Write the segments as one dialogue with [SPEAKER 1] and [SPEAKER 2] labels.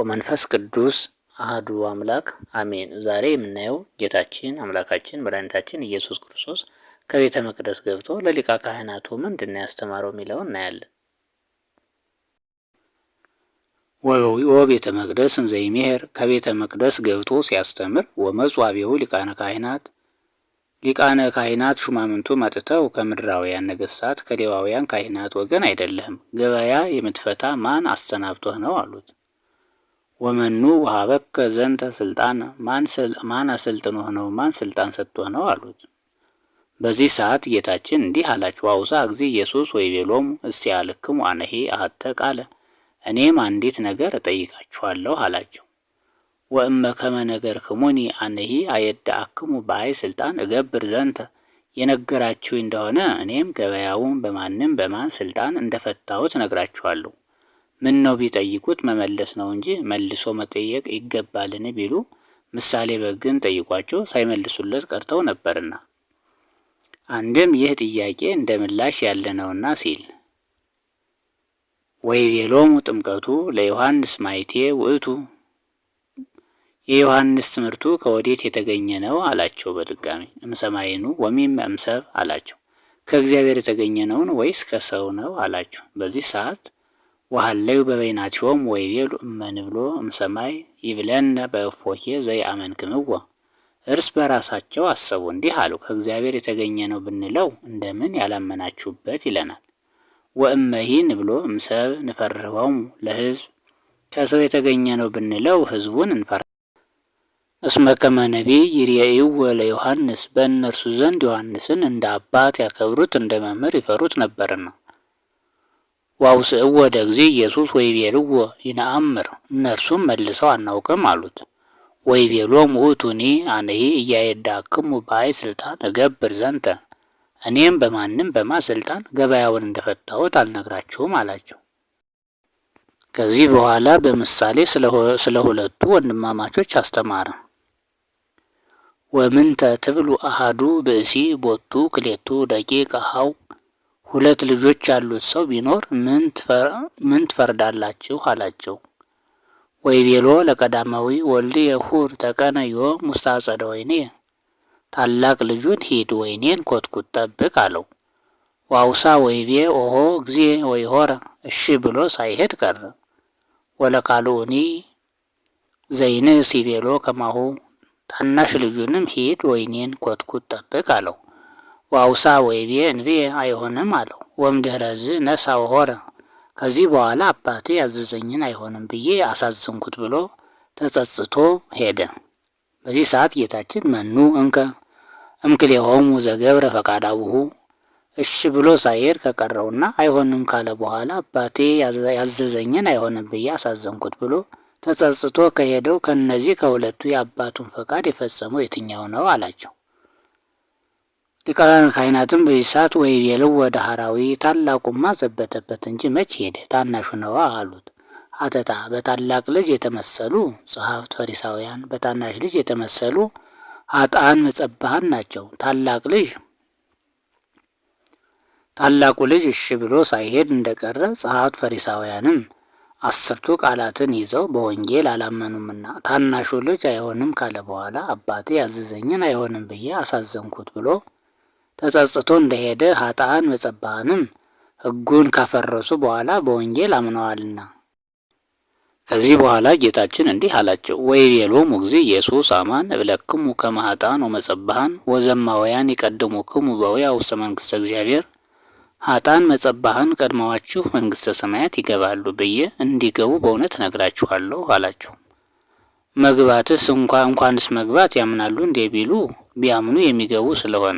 [SPEAKER 1] ወመንፈስ ቅዱስ አህዱ አምላክ አሜን። ዛሬ የምናየው ጌታችን አምላካችን መድኃኒታችን ኢየሱስ ክርስቶስ ከቤተ መቅደስ ገብቶ ለሊቃ ካህናቱ ምንድን ነው ያስተማረው የሚለውን እናያለን። ወበዊኦ ቤተ መቅደስ እንዘ ከቤተ መቅደስ ገብቶ ሲያስተምር፣ ወመጽዋቤው ሊቃነ ካህናት ሊቃነ ካህናት ሹማምንቱ መጥተው ከምድራውያን ነገሥታት ከሌዋውያን ካህናት ወገን አይደለህም ገበያ የምትፈታ ማን አሰናብቶህ ነው አሉት። ወመኑ ውሃበከ ዘንተ ስልጣን ማን አሰልጥኖ ነው? ማን ስልጣን ሰጥቶ ነው አሉት። በዚህ ሰዓት ጌታችን እንዲህ አላቸው፣ አውሳ ጊዜ ኢየሱስ ወይ ቤሎም እስያልክሙ አነሄ አተ ቃለ፣ እኔም አንዲት ነገር እጠይቃችኋለሁ አላቸው። ወእመ ከመ ነገርክሙኒ አነሂ አየዳአክሙ በአይ ስልጣን እገብር ዘንተ የነገራችሁ እንደሆነ እኔም ገበያውን በማንም በማን ስልጣን እንደፈታሁት ነግራችኋለሁ። ምን ነው ቢጠይቁት መመለስ ነው እንጂ መልሶ መጠየቅ ይገባልን ቢሉ ምሳሌ በግን ጠይቋቸው ሳይመልሱለት ቀርተው ነበርና፣ አንድም ይህ ጥያቄ እንደ ምላሽ ያለ ነውና ሲል የሎሙ ጥምቀቱ ለዮሐንስ ማይቴ ውእቱ፣ የዮሐንስ ትምህርቱ ከወዴት የተገኘ ነው አላቸው። በድጋሚ እምሰማይኑ ወሚም እምሰብ አላቸው። ከእግዚአብሔር የተገኘ ነውን ወይስ ከሰው ነው አላቸው። በዚህ ሰዓት ወሀለዩ በበይናቸውም እመን እመንብሎ እምሰማይ ይብለን በእፎኬ ዘየአመንክምዎ እርስ በራሳቸው አሰቡ እንዲህ አሉ፣ ከእግዚአብሔር የተገኘ ነው ብንለው እንደምን ያላመናችሁበት ይለናል። ወእመሂን ብሎ እምሰብ ንፈርህቦሙ ለህዝብ ከሰው የተገኘ ነው ብንለው ህዝቡን እንፈራ እስመ ከመ ነቢይ ይርአይዎ ለዮሐንስ በእነርሱ ዘንድ ዮሐንስን እንደ አባት ያከብሩት እንደ መምህር ይፈሩት ነበርና ዋውስዕዎ ደግዚ ኢየሱስ ወይቤልዎ ይነአምር፣ እነርሱም መልሰው አናውቅም አሉት። ወይቤሎሙ ውእቱኒ አነሂ እያየዳክሙ በአይ ስልጣን እገብር ዘንተ፣ እኔም በማንም በማ ስልጣን ገበያውን እንደፈታሁት አልነግራችሁም አላቸው። ከዚህ በኋላ በምሳሌ ስለ ሁለቱ ወንድማማቾች አስተማረ። ወምንተ ትብሉ አሃዱ ብእሲ ቦቱ ክሌቱ ደቂቅ አሃው ሁለት ልጆች ያሉት ሰው ቢኖር ምን ትፈርዳላችሁ አላቸው። ወይ ቤሎ ለቀዳማዊ ወልድ የሁር ተቀነዮ ሙስታጸደ ወይኔ ታላቅ ልጁን ሂድ ወይኔን ኮትኩት ጠብቅ አለው። ዋውሳ ወይቤ ኦሆ ጊዜ ሆረ እሺ ብሎ ሳይሄድ ቀረ። ወለካልኡኒ ዘይን ሲቤሎ ከማሁ ታናሽ ልጁንም ሂድ ወይኔን ኮትኩት ጠብቅ አለው። ዋውሳ ወይቤ እንብዬ አይሆንም አለው። ወምድኅረዝ ነሳው ሆረ ከዚህ በኋላ አባቴ ያዘዘኝን አይሆንም ብዬ አሳዘንኩት ብሎ ተጸጽቶ ሄደ። በዚህ ሰዓት ጌታችን መኑ እንከ እምክሌሆሙ ዘገብረ ፈቃዳውሁ እሺ ብሎ ሳይር ከቀረውና አይሆንም ካለ በኋላ አባቴ ያዘዘኝን አይሆንም ብዬ አሳዘንኩት ብሎ ተጸጽቶ ከሄደው ከነዚህ ከሁለቱ የአባቱን ፈቃድ የፈጸመው የትኛው ነው? አላቸው። ሊቃውያን ካህናትም በዚህ ሰዓት ወደ ሀራዊ ታላቁማ ዘበተበት እንጂ መች ሄደ? ታናሹ ነዋ አሉት። አተታ በታላቅ ልጅ የተመሰሉ ጸሐፍት ፈሪሳውያን በታናሽ ልጅ የተመሰሉ አጣን መጸባሃን ናቸው። ታላቅ ልጅ ታላቁ ልጅ እሺ ብሎ ሳይሄድ እንደቀረ ጸሐፍት ፈሪሳውያንም አስርቱ ቃላትን ይዘው በወንጌል አላመኑምና ታናሹ ልጅ አይሆንም ካለ በኋላ አባቴ ያዘዘኝን አይሆንም ብዬ አሳዘንኩት ብሎ ተጸጽቶ እንደሄደ ኃጥአን መጸባንም ሕጉን ካፈረሱ በኋላ በወንጌል አምነዋልና። ከዚህ በኋላ ጌታችን እንዲህ አላቸው፣ ወይቤሎሙ እግዚእ ኢየሱስ አማን እብለክሙ ከመ ኃጥአን ወመጸባሃን ወዘማውያን ይቀድሙክሙ በውያ ውስተ መንግሥተ እግዚአብሔር፣ ኃጥአን መጸባሃን ቀድመዋችሁ መንግሥተ ሰማያት ይገባሉ ብዬ እንዲገቡ በእውነት እነግራችኋለሁ አላቸው። መግባትስ እንኳ እንኳንስ መግባት ያምናሉ እንዴ ቢሉ ቢያምኑ የሚገቡ ስለሆነ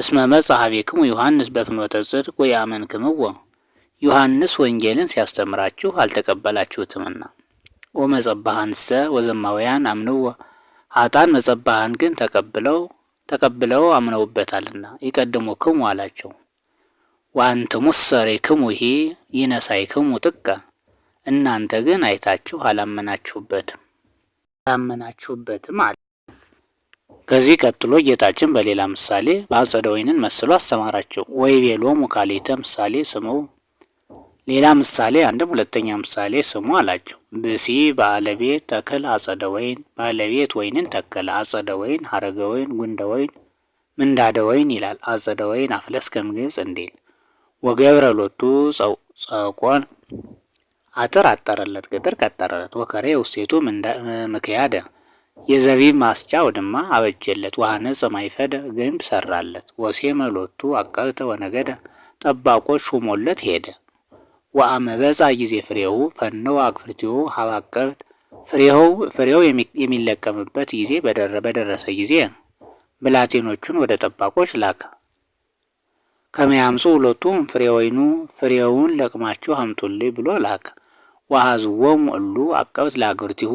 [SPEAKER 1] እስመ መጻሐቤክሙ ዮሐንስ በፍኖተ ጽድቅ ወያመንክምዎ ዮሐንስ ወንጌልን ሲያስተምራችሁ አልተቀበላችሁትምና ወመጸባሃንሰ ወዘማውያን አምንዎ ሀጣን መጸባሃን ግን ተቀብለው ተቀብለው አምነውበታልና ክሙ አላቸው። ዋንትሙሰ ሬክሙ ሂ ይነሳይክሙ ጥቀ እናንተ ግን አይታችሁ አላመናችሁበትም አላመናችሁበትም አለ። ከዚህ ቀጥሎ ጌታችን በሌላ ምሳሌ በአጸደ ወይንን መስሎ አስተማራቸው። ወይቤሎሙ ካሌተ ምሳሌ ስሙ ሌላ ምሳሌ አንድም ሁለተኛ ምሳሌ ስሙ አላቸው። ብሲ ባለቤት ተክል አጸደ ወይን ባለቤት ወይንን ተከለ። አጸደ ወይን ሀረገ ወይን ጉንደ ወይን ምንዳደ ወይን ይላል። አጸደ ወይን አፍለስ እምግብጽ እንዲል ወገብረ ሎቱ ጸቆን አጥር አጠረለት ቅጥር ቀጠረለት ወከሬ ውሴቱ ምክያደ የዘቢብ ማስጫ ውድማ አበጀለት። ወሐነጸ ማእፈደ ግንብ ሰራለት። ወሴ መሎቱ አቀብተ ወነገደ ጠባቆች ሹሞለት ሄደ። ወአመበጻ ጊዜ ፍሬው ፈነው አግፍርቲሁ ሀበ አቀብት ፍሬው ፍሬው የሚለቀምበት ጊዜ በደረሰ ጊዜ ብላቴኖቹን ወደ ጠባቆች ላከ። ከሚያምፁ ሁለቱ ፍሬ ወይኑ ፍሬውን ለቅማችሁ አምጡልኝ ብሎ ላከ። ወአኀዝዎሙ እሉ አቀብት ለአግብርቲሁ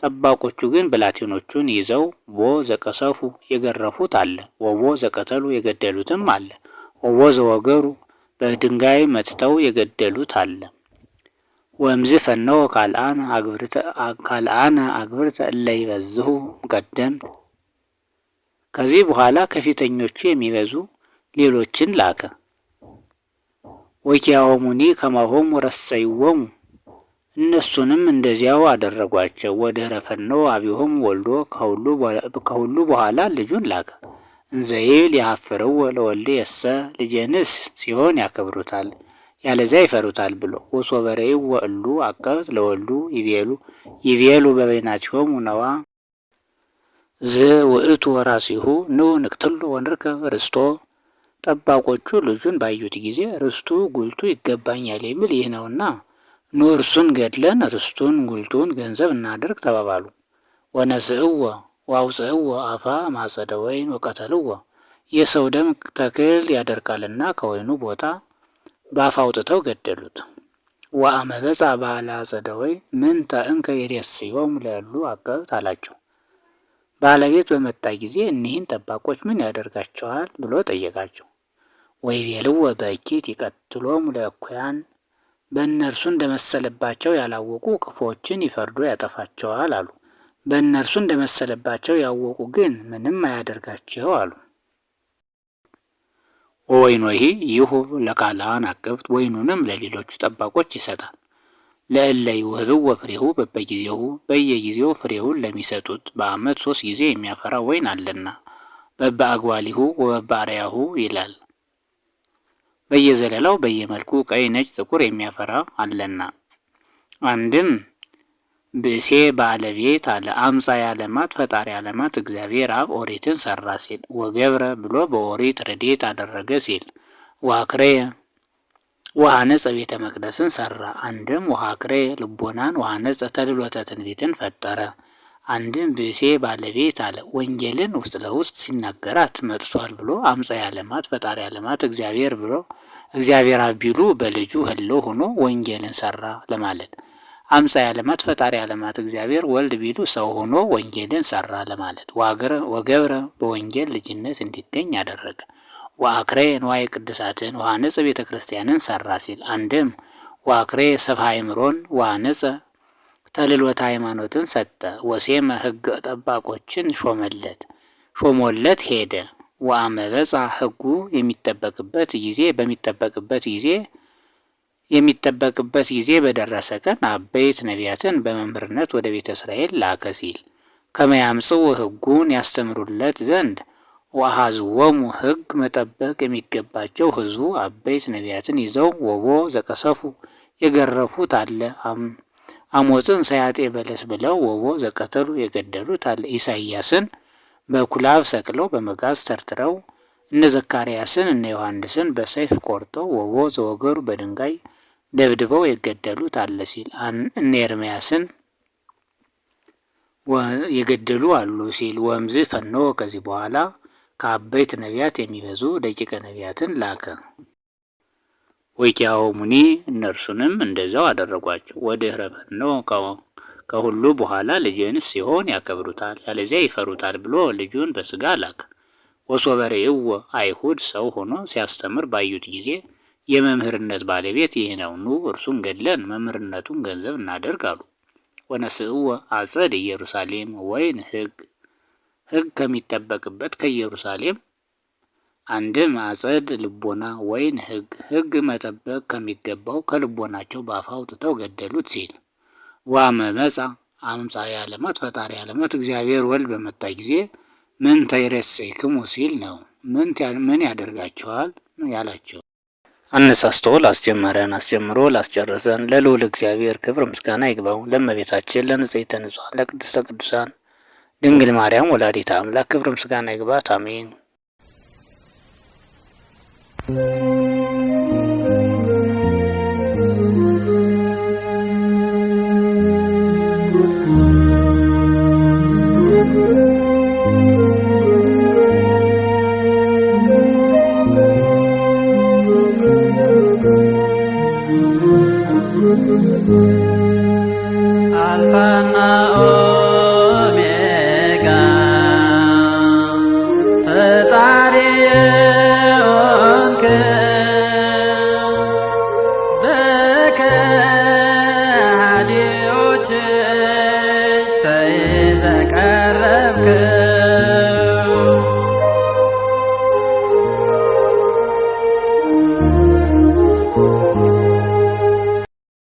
[SPEAKER 1] ጠባቆቹ ግን ብላቴኖቹን ይዘው ቦ ዘቀሰፉ የገረፉት አለ፣ ወቦ ዘቀተሉ የገደሉትም አለ፣ ወቦ ዘወገሩ በድንጋይ መትተው የገደሉት አለ። ወእምዝ ፈነወ ካልአነ አግብርተ እለ በዝሁ ቀደም። ከዚህ በኋላ ከፊተኞቹ የሚበዙ ሌሎችን ላከ። ወኪያሆሙኒ ከማሆሙ ረሰይዎሙ እነሱንም እንደዚያው አደረጓቸው። ወደ ፈኖ አብዮም ወልዶ ከሁሉ በኋላ ልጁን ላከ። እንዘይል ያፍረው ለወልድ የሰ ልጄንስ ሲሆን ያከብሩታል፣ ያለዚያ ይፈሩታል ብሎ በረይ ወሉ አቀብት ለወልዱ ይቤሉ ይቤሉ በበይናቸውም ነዋ ዝ ውእቱ ወራሲሁ ኑ ንቅትሎ ወንርከብ ርስቶ ጠባቆቹ ልጁን ባዩት ጊዜ ርስቱ ጉልቱ ይገባኛል የሚል ይህ ነውና ኑ እርሱን ገድለን ርስቱን ጉልቱን ገንዘብ እናድርግ ተባባሉ። ወነስእወ ወአውፅእወ አፋ ማጸደ ወይን ወቀተልወ የሰው ደም ተክል ያደርቃልና ከወይኑ ቦታ በአፍ አውጥተው ገደሉት። ወአመበጻ ባለአጸደ ወይን ምንተ እንከ ይሬስዮም ለሉ አቀብት አላቸው። ባለቤት በመጣ ጊዜ እኒህን ጠባቆች ምን ያደርጋቸዋል ብሎ ጠየቃቸው። ወይ ወይቤልወ በእኪት ይቀትሎም ለእኩያን በእነርሱ እንደመሰለባቸው ያላወቁ ክፉዎችን ይፈርዶ ያጠፋቸዋል አሉ። በእነርሱ እንደመሰለባቸው ያወቁ ግን ምንም አያደርጋቸው አሉ። ወይኖሂ ይሁብ ለካላን አቅብት ወይኑንም ለሌሎቹ ጠባቆች ይሰጣል። ለእለይ ውህብ ወፍሬሁ በበጊዜሁ በየጊዜው ፍሬውን ለሚሰጡት በአመት ሶስት ጊዜ የሚያፈራ ወይን አለና በበአግባሊሁ ወበባሪያሁ ይላል። በየዘለላው በየመልኩ ቀይ፣ ነጭ፣ ጥቁር የሚያፈራ አለና አንድም ብእሴ ባለቤት አለ አምሳ የዓለማት ፈጣሪ ዓለማት እግዚአብሔር አብ ኦሪትን ሰራ ሲል ወገብረ ብሎ በኦሪት ረዴት አደረገ ሲል ውሃ ወሐነጸ ቤተ መቅደስን ሰራ አንድም ክሬ ልቦናን ወሐነጸ ተድሎተ ትንቢትን ፈጠረ አንድም ብእሴ ባለቤት አለ ወንጌልን ውስጥ ለውስጥ ሲናገራት መርሷል ብሎ አምፀ ያለማት ፈጣሪ ያለማት እግዚአብሔር ብሎ እግዚአብሔር አቢሉ በልጁ ህልው ሆኖ ወንጌልን ሰራ ለማለት አምፀ ያለማት ፈጣሪ ያለማት እግዚአብሔር ወልድ ቢሉ ሰው ሆኖ ወንጌልን ሰራ ለማለት ወገብረ በወንጌል ልጅነት እንዲገኝ አደረገ። ወአክሬ ንዋይ ቅዱሳትን ወአነጽ ቤተ ክርስቲያንን ሰራ ሲል አንድም ወአክሬ ሰፋ አይምሮን ወአነጽ ተልሎተ ሃይማኖትን ሰጠ። ወሴመ ህግ ጠባቆችን ሾመለት ሾሞለት ሄደ። ወአመበፃ ህጉ የሚጠበቅበት ጊዜ በሚጠበቅበት ጊዜ የሚጠበቅበት ጊዜ በደረሰ ቀን አበይት ነቢያትን በመምህርነት ወደ ቤተ እስራኤል ላከ ሲል ከመያምፅው ህጉን ያስተምሩለት ዘንድ ወአኀዝዎሙ ህግ መጠበቅ የሚገባቸው ህዝቡ አበይት ነቢያትን ይዘው ወቦ ዘቀሰፉ የገረፉት አለ። አሞጽን ሰያጤ በለስ ብለው ወቦ ዘቀተሉ የገደሉት አለ። ኢሳይያስን በኩላብ ሰቅለው በመጋዝ ተርትረው እነ ዘካርያስን እነ ዮሐንስን በሰይፍ ቆርጠው ወቦ ዘወገሩ በድንጋይ ደብድበው የገደሉት አለ ሲል እነ ኤርምያስን የገደሉ አሉ ሲል ወምዝ ፈኖ ከዚህ በኋላ ከአበይት ነቢያት የሚበዙ ደቂቀ ነቢያትን ላከ። ወኪያሆሙኒ እነርሱንም እንደዚያው አደረጓቸው። ወድኅረ ፈነወ ከሁሉ በኋላ ልጅን ሲሆን ያከብሩታል፣ ያለዚያ ይፈሩታል ብሎ ልጁን በስጋ ላከ። ወሶበሬእወ አይሁድ ሰው ሆኖ ሲያስተምር ባዩት ጊዜ የመምህርነት ባለቤት ይህ ነው፣ ኑ እርሱን ገድለን መምህርነቱን ገንዘብ እናደርግ አሉ። ወነስእወ አጸድ ኢየሩሳሌም ወይን ህግ ህግ ከሚጠበቅበት ከኢየሩሳሌም አንድም አጸድ ልቦና ወይን ህግ ህግ መጠበቅ ከሚገባው ከልቦናቸው በአፋ አውጥተው ገደሉት ሲል ዋመመፃ አምፃ ያለማት ፈጣሪ ያለመት እግዚአብሔር ወልድ በመጣ ጊዜ ምን ተይሬሴክሙ ሲል ነው። ምን ያደርጋቸዋል ያላቸው። አነሳስቶ ላስጀመረን አስጀምሮ ላስጨረሰን ለልዑል እግዚአብሔር ክብር ምስጋና ይግባው። ለእመቤታችን ለንጽሕተ ንጹሐን ለቅድስተ ቅዱሳን ድንግል ማርያም ወላዲተ አምላክ ክብር ምስጋና ይግባት። አሜን። 嗯